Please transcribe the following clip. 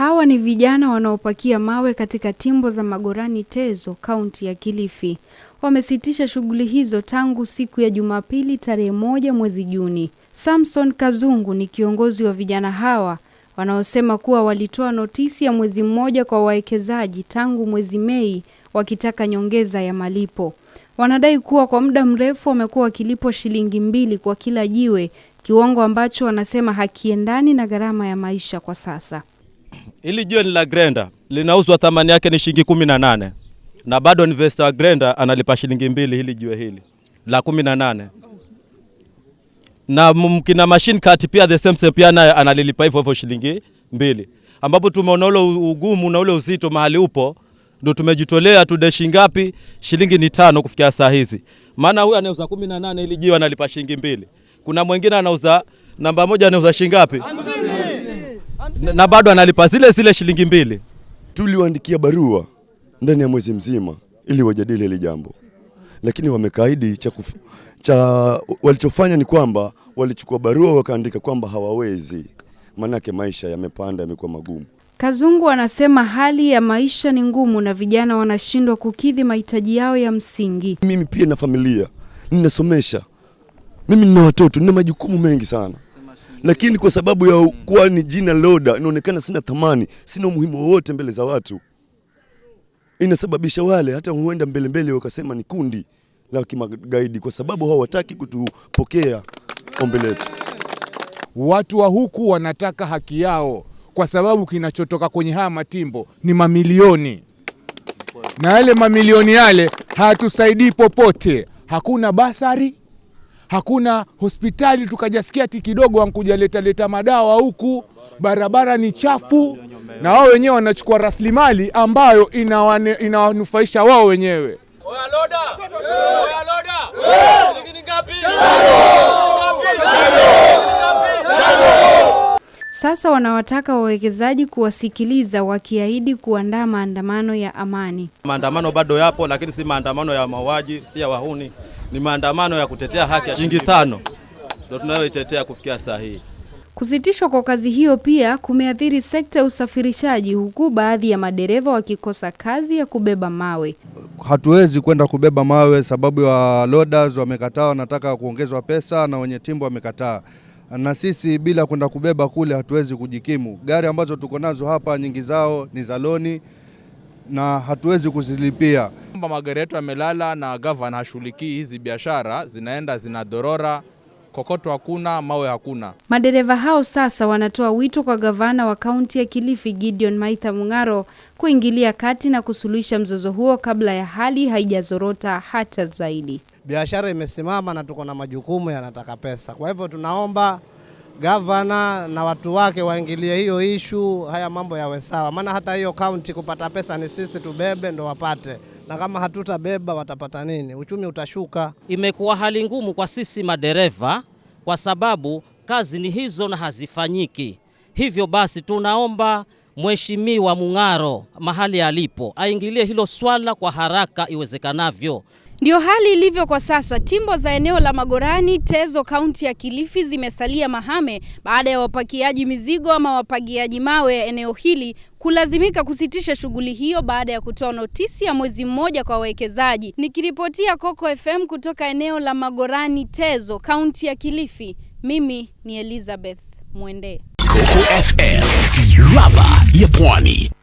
Hawa ni vijana wanaopakia mawe katika timbo za Magorani Tezo, kaunti ya Kilifi. Wamesitisha shughuli hizo tangu siku ya Jumapili tarehe moja mwezi Juni. Samson Kazungu ni kiongozi wa vijana hawa wanaosema kuwa walitoa notisi ya mwezi mmoja kwa wawekezaji tangu mwezi Mei wakitaka nyongeza ya malipo. Wanadai kuwa kwa muda mrefu wamekuwa wakilipwa shilingi mbili kwa kila jiwe, kiwango ambacho wanasema hakiendani na gharama ya maisha kwa sasa. Hili jiwe ni la grenda, linauzwa thamani yake ni shilingi kumi na nane na bado investor wa grenda analipa shilingi mbili. Hili jiwe hili la kumi na nane na mkina machine cut pia the same same pia naye analilipa hivyo hivyo shilingi mbili, ambapo tumeona ule ugumu na ule uzito mahali upo, ndio tumejitolea tudeshi ngapi shilingi ni tano kufikia saa hizi, maana huyu anauza 18 ili jiwe analipa shilingi mbili. Kuna mwingine anauza namba moja anauza shilingi ngapi? na, na bado analipa zile zile shilingi mbili. Tuliwaandikia barua ndani ya mwezi mzima ili wajadili hili jambo, lakini wamekaidi cha, cha walichofanya ni kwamba walichukua barua wakaandika kwamba hawawezi, maanake maisha yamepanda, yamekuwa magumu. Kazungu anasema hali ya maisha ni ngumu na vijana wanashindwa kukidhi mahitaji yao ya msingi. Mimi pia na familia ninasomesha, mimi nina watoto, nina majukumu mengi sana lakini kwa sababu ya kuwa ni jina Loda inaonekana sina thamani, sina umuhimu wowote mbele za watu. Inasababisha wale hata huenda mbele mbele wakasema ni kundi la kimagaidi, kwa sababu hawataki kutupokea ombi letu. Watu wa huku wanataka haki yao, kwa sababu kinachotoka kwenye haya matimbo ni mamilioni, na yale mamilioni yale hatusaidii popote, hakuna basari hakuna hospitali, tukajasikia ti kidogo wankuja leta leta madawa huku, barabara ni chafu, na wao wenyewe wanachukua rasilimali ambayo inawanufaisha wao wenyewe. Sasa wanawataka wawekezaji kuwasikiliza wakiahidi kuandaa maandamano ya amani. Maandamano bado yapo, lakini si maandamano ya mauaji, si ya wahuni ni maandamano ya kutetea haki ya shilingi tano ndio tunayoitetea kufikia saa hii. Kusitishwa kwa kazi hiyo pia kumeathiri sekta ya usafirishaji, huku baadhi ya madereva wakikosa kazi ya kubeba mawe. Hatuwezi kwenda kubeba mawe sababu ya loaders wamekataa, wanataka kuongezwa pesa na wenye timbo wamekataa, na sisi bila kwenda kubeba kule hatuwezi kujikimu. Gari ambazo tuko nazo hapa nyingi zao ni za loni na hatuwezi kuzilipia kwamba magari yetu yamelala na gavana hashughulikii hizi biashara, zinaenda zinadorora, kokoto hakuna, mawe hakuna. Madereva hao sasa wanatoa wito kwa gavana wa kaunti ya Kilifi Gideon Maitha Mung'aro kuingilia kati na kusuluhisha mzozo huo kabla ya hali haijazorota hata zaidi. Biashara imesimama na tuko na majukumu yanataka pesa, kwa hivyo tunaomba gavana na watu wake waingilie hiyo ishu, haya mambo yawe sawa, maana hata hiyo kaunti kupata pesa ni sisi tubebe ndo wapate na kama hatutabeba watapata nini? Uchumi utashuka. Imekuwa hali ngumu kwa sisi madereva kwa sababu kazi ni hizo na hazifanyiki. Hivyo basi tunaomba Mheshimiwa Mung'aro mahali alipo aingilie hilo swala kwa haraka iwezekanavyo ndio hali ilivyo kwa sasa. Timbo za eneo la Magorani, Tezo, kaunti ya Kilifi zimesalia mahame baada ya wapakiaji mizigo ama wapagiaji mawe eneo hili kulazimika kusitisha shughuli hiyo baada ya kutoa notisi ya mwezi mmoja kwa wawekezaji. Nikiripotia Coco FM kutoka eneo la Magorani, Tezo, kaunti ya Kilifi, mimi ni Elizabeth Mwende. Coco FM, ladha ya Pwani.